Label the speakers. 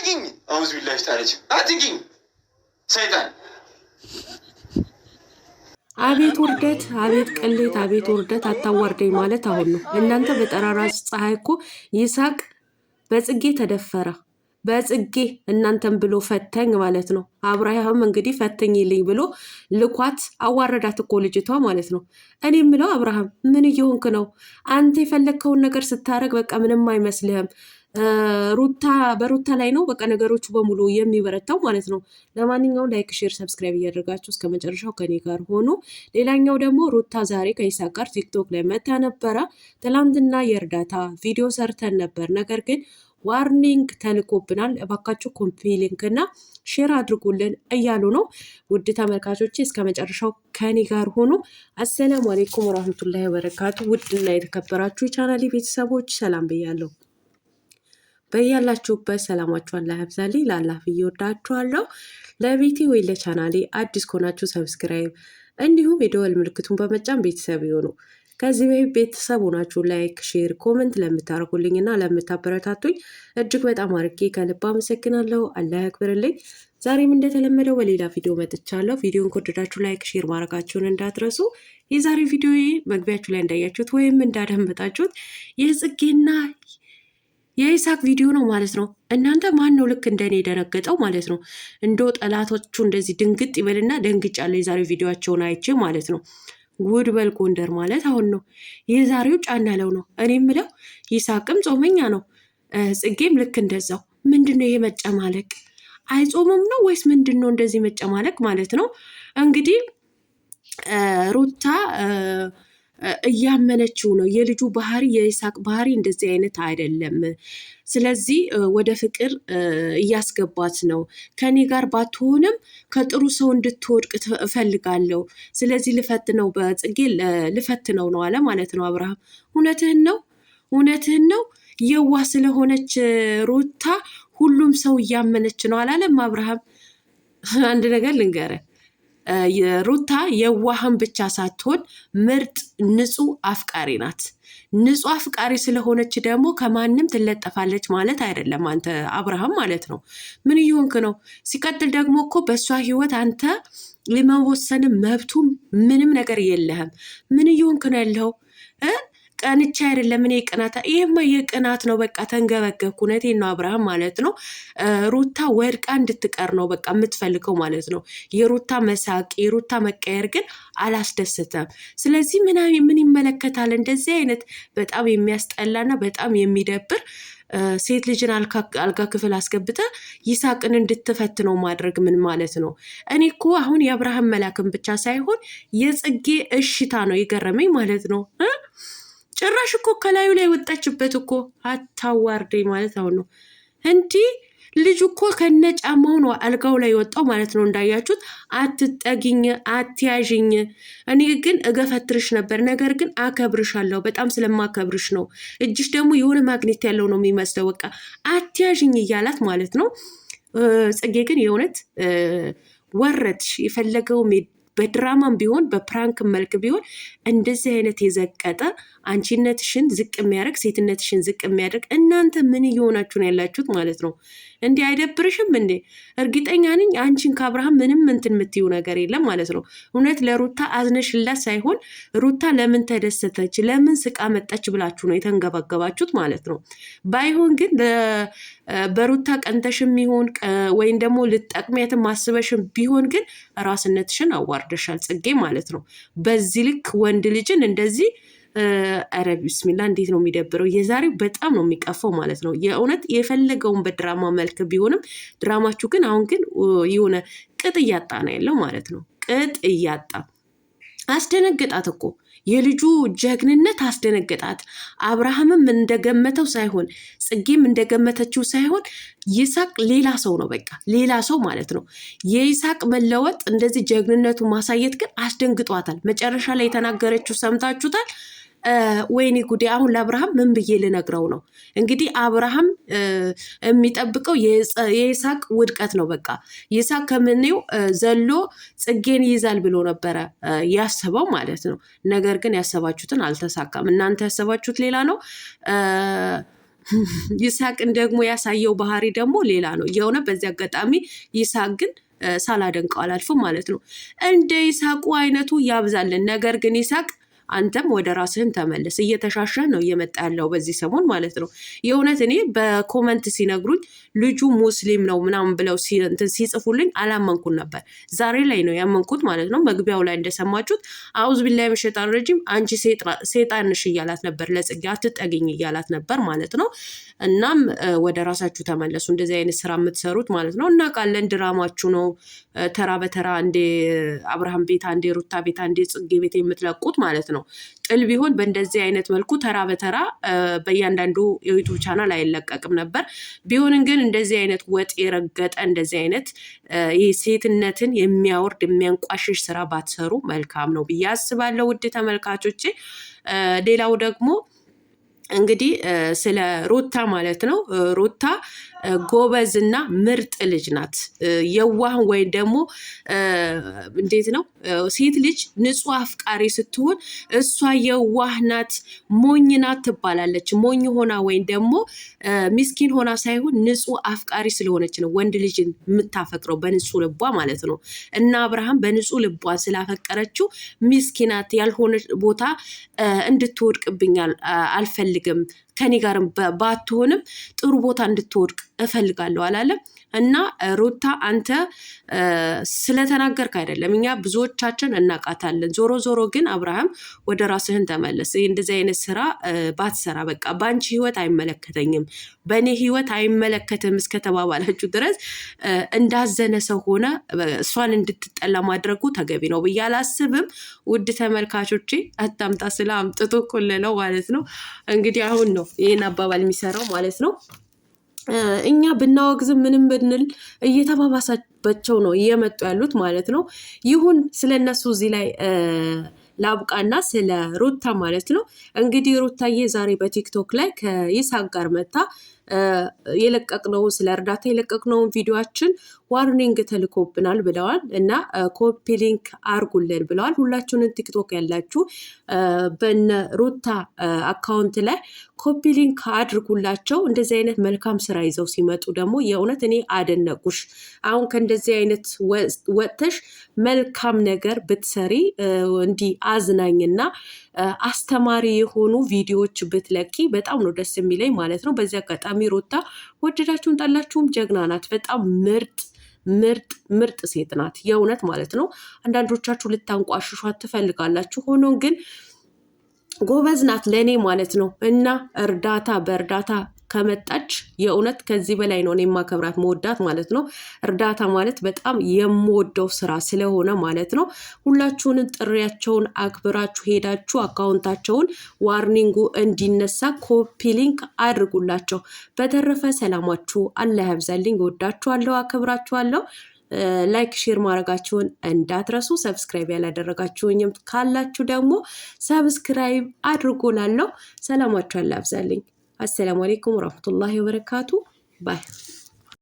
Speaker 1: አትንኪኝ።
Speaker 2: አውዝ ቢላሽ ታለች
Speaker 1: አትንኪኝ ሰይጣን። አቤት ውርደት፣ አቤት ቅሌት፣ አቤት ውርደት። አታዋርደኝ ማለት አሁን ነው። እናንተ በጠራራ ፀሐይ እኮ ይሳቅ በጽጌ ተደፈረ። በጽጌ እናንተን ብሎ ፈተኝ ማለት ነው። አብርሃም እንግዲህ ፈተኝ ብሎ ልኳት አዋረዳት እኮ ልጅቷ ማለት ነው። እኔ የምለው አብርሃም ምን እየሆንክ ነው አንተ? የፈለግከውን ነገር ስታደርግ በቃ ምንም አይመስልህም። ሩታ በሩታ ላይ ነው በቃ ነገሮቹ በሙሉ የሚበረታው ማለት ነው። ለማንኛውም ላይክ፣ ሼር፣ ሰብስክራይብ እያደርጋችሁ እስከ መጨረሻው ከኔ ጋር ሆኖ ሌላኛው ደግሞ ሩታ ዛሬ ከይሳቅ ጋር ቲክቶክ ላይ መታ ነበረ። ትላንትና የእርዳታ ቪዲዮ ሰርተን ነበር ነገር ግን ዋርኒንግ ተልኮብናል። እባካችሁ ኮምፒሊንግ እና ሼር አድርጉልን እያሉ ነው። ውድ ተመልካቾች እስከ መጨረሻው ከኔ ጋር ሆኖ። አሰላሙ አሌይኩም ወራህመቱላሂ ወበረካቱ። ውድና የተከበራችሁ የቻናሌ ቤተሰቦች ሰላም ብያለሁ። በያላችሁበት ሰላማችኋን ላያብዛልኝ ላላፍ እየወዳችኋለሁ። ለቤቴ ወይ ለቻናሌ አዲስ ከሆናችሁ ሰብስክራይብ እንዲሁም የደወል ምልክቱን በመጫን ቤተሰብ የሆኑ ከዚህ በፊት ቤተሰብ ሆናችሁ ላይክ፣ ሼር፣ ኮመንት ለምታደርጉልኝ እና ለምታበረታቱኝ እጅግ በጣም አርጌ ከልብ አመሰግናለሁ። አላህ ያክብርልኝ። ዛሬም እንደተለመደው በሌላ ቪዲዮ መጥቻለሁ። ቪዲዮን ከወደዳችሁ ላይክ፣ ሼር ማድረጋችሁን እንዳትረሱ። የዛሬ ቪዲዮ መግቢያችሁ ላይ እንዳያችሁት ወይም እንዳደመጣችሁት የጽጌና የኢሳቅ ቪዲዮ ነው ማለት ነው። እናንተ ማን ነው ልክ እንደኔ የደነገጠው ማለት ነው? እንዶ ጠላቶቹ እንደዚህ ድንግጥ ይበልና ደንግጫለሁ የዛሬው ቪዲዮቸውን አይቼ ማለት ነው። ጉድ በል ጎንደር ማለት አሁን ነው። የዛሬው ጫና ለው ነው። እኔ ምለው ይሳቅም ጾመኛ ነው፣ ጽጌም ልክ እንደዛው። ምንድን ነው ይሄ መጨማለቅ? አይጾምም ነው ወይስ ምንድን ነው እንደዚህ መጨማለቅ ማለት ነው? እንግዲህ ሩታ እያመነችው ነው። የልጁ ባህሪ የይስሐቅ ባህሪ እንደዚህ አይነት አይደለም። ስለዚህ ወደ ፍቅር እያስገባት ነው። ከኔ ጋር ባትሆንም ከጥሩ ሰው እንድትወድቅ እፈልጋለሁ። ስለዚህ ልፈት ነው በጽጌ ልፈትነው ነው አለ ማለት ነው አብርሃም። እውነትህን ነው፣ እውነትህን ነው። የዋ ስለሆነች ሩታ ሁሉም ሰው እያመነች ነው አላለም አብርሃም። አንድ ነገር ልንገረን ሩታ የዋህን ብቻ ሳትሆን ምርጥ ንጹህ አፍቃሪ ናት። ንጹህ አፍቃሪ ስለሆነች ደግሞ ከማንም ትለጠፋለች ማለት አይደለም። አንተ አብርሃም ማለት ነው። ምን እየሆንክ ነው? ሲቀጥል ደግሞ እኮ በእሷ ህይወት አንተ የመወሰንም መብቱም ምንም ነገር የለህም። ምን እየሆንክ ነው ያለው? ቀንቻ አይደለም እኔ ቅናታ ይህማ የቅናት ነው። በቃ ተንገበገብኩ። እውነቴን ነው አብርሃም ማለት ነው። ሩታ ወድቃ እንድትቀር ነው በቃ የምትፈልገው ማለት ነው። የሩታ መሳቅ፣ የሩታ መቀየር ግን አላስደስተም። ስለዚህ ምናም ምን ይመለከታል እንደዚህ አይነት በጣም የሚያስጠላና በጣም የሚደብር ሴት ልጅን አልጋ ክፍል አስገብተ ይሳቅን እንድትፈት ነው ማድረግ ምን ማለት ነው? እኔ እኮ አሁን የአብርሃም መላክን ብቻ ሳይሆን የጽጌ እሽታ ነው የገረመኝ ማለት ነው። ጭራሽ እኮ ከላዩ ላይ ወጣችበት እኮ አታዋርደኝ ማለት አሁን ነው እንዲህ ልጅ እኮ ከነ ጫማው ነው አልጋው ላይ ወጣው ማለት ነው። እንዳያችሁት አትጠጊኝ፣ አትያዥኝ፣ እኔ ግን እገፈትርሽ ነበር፣ ነገር ግን አከብርሻለሁ። በጣም ስለማከብርሽ ነው። እጅሽ ደግሞ የሆነ ማግኔት ያለው ነው የሚመስለው። በቃ አትያዥኝ እያላት ማለት ነው። ጽጌ ግን የእውነት ወረድሽ። የፈለገው በድራማም ቢሆን በፕራንክ መልክ ቢሆን እንደዚህ አይነት የዘቀጠ አንቺነትሽን ዝቅ የሚያደርግ ሴትነትሽን ዝቅ የሚያደርግ እናንተ ምን እየሆናችሁ ነው ያላችሁት ማለት ነው። እንዲህ አይደብርሽም እንዴ? እርግጠኛ ነኝ አንቺን ከአብርሃም ምንም እንትን የምትዩ ነገር የለም ማለት ነው። እውነት ለሩታ አዝነሽላት ሳይሆን ሩታ ለምን ተደሰተች፣ ለምን ስቃ መጣች ብላችሁ ነው የተንገባገባችሁት ማለት ነው። ባይሆን ግን በሩታ ቀንተሽም ይሆን ወይም ደግሞ ልጠቅሚያትም ማስበሽም ቢሆን ግን ራስነትሽን አዋርደሻል ጽጌ ማለት ነው። በዚህ ልክ ወንድ ልጅን እንደዚህ ኧረ ቢስሚላ እንዴት ነው የሚደብረው! የዛሬው በጣም ነው የሚቀፈው ማለት ነው። የእውነት የፈለገውን በድራማ መልክ ቢሆንም ድራማችሁ ግን አሁን ግን የሆነ ቅጥ እያጣ ነው ያለው ማለት ነው። ቅጥ እያጣ አስደነገጣት እኮ የልጁ ጀግንነት አስደነገጣት። አብርሃምም እንደገመተው ሳይሆን ጽጌም እንደገመተችው ሳይሆን ይሳቅ ሌላ ሰው ነው፣ በቃ ሌላ ሰው ማለት ነው። የይሳቅ መለወጥ እንደዚህ ጀግንነቱ ማሳየት ግን አስደንግጧታል። መጨረሻ ላይ የተናገረችው ሰምታችሁታል። ወይኔ ጉዴ አሁን ለአብርሃም ምን ብዬ ልነግረው ነው? እንግዲህ አብርሃም የሚጠብቀው የይስሐቅ ውድቀት ነው። በቃ ይስሐቅ ከምኔው ዘሎ ጽጌን ይይዛል ብሎ ነበረ ያሰበው ማለት ነው። ነገር ግን ያሰባችሁትን አልተሳካም። እናንተ ያሰባችሁት ሌላ ነው። ይስሐቅን ደግሞ ያሳየው ባህሪ ደግሞ ሌላ ነው የሆነ በዚህ አጋጣሚ ይስሐቅ ግን ሳላደንቀው አላልፍም ማለት ነው። እንደ ይስሐቁ አይነቱ ያብዛልን። ነገር ግን ይስሐቅ አንተም ወደ ራስህን ተመለስ። እየተሻሸህ ነው እየመጣ ያለው በዚህ ሰሞን ማለት ነው። የእውነት እኔ በኮመንት ሲነግሩኝ ልጁ ሙስሊም ነው ምናምን ብለው ሲጽፉልኝ አላመንኩን ነበር። ዛሬ ላይ ነው ያመንኩት ማለት ነው። መግቢያው ላይ እንደሰማችሁት አውዝ ቢላ የመሸጣን ረጅም አንቺ ሴጣንሽ እያላት ነበር፣ ለጽጌ አትጠግኝ እያላት ነበር ማለት ነው። እናም ወደ ራሳችሁ ተመለሱ፣ እንደዚህ አይነት ስራ የምትሰሩት ማለት ነው። እናውቃለን፣ ድራማችሁ ነው ተራ በተራ እንዴ አብርሃም ቤት፣ አንዴ ሩታ ቤት፣ አንዴ ጽጌ ቤት የምትለቁት ማለት ነው። ነው። ጥል ቢሆን በእንደዚህ አይነት መልኩ ተራ በተራ በእያንዳንዱ የዩቱብ ቻናል አይለቀቅም ነበር። ቢሆንም ግን እንደዚህ አይነት ወጥ የረገጠ እንደዚህ አይነት ሴትነትን የሚያወርድ የሚያንቋሽሽ ስራ ባትሰሩ መልካም ነው ብዬ አስባለሁ ውድ ተመልካቾቼ። ሌላው ደግሞ እንግዲህ ስለ ሩታ ማለት ነው። ሩታ ጎበዝና ምርጥ ልጅ ናት። የዋህን ወይም ደግሞ እንዴት ነው ሴት ልጅ ንጹህ አፍቃሪ ስትሆን እሷ የዋህ ናት፣ ሞኝ ናት ትባላለች። ሞኝ ሆና ወይም ደግሞ ሚስኪን ሆና ሳይሆን ንጹህ አፍቃሪ ስለሆነች ነው ወንድ ልጅን የምታፈቅረው በንጹ ልቧ ማለት ነው። እና አብርሃም በንጹ ልቧ ስላፈቀረችው ሚስኪናት ያልሆነ ቦታ እንድትወድቅብኛል አልፈልግም them ከኔ ጋርም ባትሆንም ጥሩ ቦታ እንድትወድቅ እፈልጋለሁ አላለም። እና ሩታ አንተ ስለተናገርክ አይደለም፣ እኛ ብዙዎቻችን እናቃታለን ዞሮ ዞሮ ግን አብርሃም ወደ ራስህን ተመለስ። እንደዚህ አይነት ስራ ባትሰራ በቃ በአንቺ ህይወት አይመለከተኝም፣ በእኔ ህይወት አይመለከትም እስከተባባላችሁ ድረስ እንዳዘነ ሰው ሆነ እሷን እንድትጠላ ማድረጉ ተገቢ ነው ብዬ አላስብም። ውድ ተመልካቾቼ አታምጣ ስለ አምጥቶ ኮለለው ማለት ነው እንግዲህ አሁን ነው ይህን አባባል የሚሰራው ማለት ነው። እኛ ብናወግዝም ምንም ብንል እየተባባሳባቸው ነው እየመጡ ያሉት ማለት ነው። ይሁን ስለ እነሱ እዚህ ላይ ላብቃና ስለ ሩታ ማለት ነው። እንግዲህ ሩታዬ ዛሬ በቲክቶክ ላይ ከይሳቅ ጋር መታ የለቀቅነው ስለ እርዳታ የለቀቅነውን ቪዲዮችን ዋርኒንግ ተልኮብናል ብለዋል እና ኮፒ ሊንክ አርጉልን ብለዋል። ሁላችሁንም ቲክቶክ ያላችሁ በነ ሩታ አካውንት ላይ ኮፒ ሊንክ አድርጉላቸው። እንደዚህ አይነት መልካም ስራ ይዘው ሲመጡ ደግሞ የእውነት እኔ አደነቁሽ። አሁን ከእንደዚህ አይነት ወጥተሽ መልካም ነገር ብትሰሪ እንዲህ አዝናኝና አስተማሪ የሆኑ ቪዲዮዎች ብትለቂ በጣም ነው ደስ የሚለኝ ማለት ነው። በዚህ አጋጣሚ አሚር ወጣ። ወደዳችሁን ጠላችሁም ጀግና ናት። በጣም ምርጥ ምርጥ ምርጥ ሴት ናት። የእውነት ማለት ነው። አንዳንዶቻችሁ ልታንቋሽሿት ትፈልጋላችሁ። ሆኖ ግን ጎበዝ ናት ለእኔ ማለት ነው እና እርዳታ በእርዳታ ከመጣች የእውነት ከዚህ በላይ ነው የማከብራት መወዳት ማለት ነው። እርዳታ ማለት በጣም የምወደው ስራ ስለሆነ ማለት ነው። ሁላችሁንም ጥሪያቸውን አክብራችሁ ሄዳችሁ አካውንታቸውን ዋርኒንጉ እንዲነሳ ኮፒ ሊንክ አድርጉላቸው። በተረፈ ሰላማችሁ አላህ ያብዛልኝ። ወዳችኋለሁ፣ አክብራችኋለሁ። ላይክ ሼር ማድረጋችሁን እንዳትረሱ። ሰብስክራይብ ያላደረጋችሁኝም ካላችሁ ደግሞ ሰብስክራይብ አድርጎላለሁ። ሰላማችሁ ያብዛልኝ። አሰላሙ አሌይኩም ወረህመቱላሂ ወበረካቱ ባይ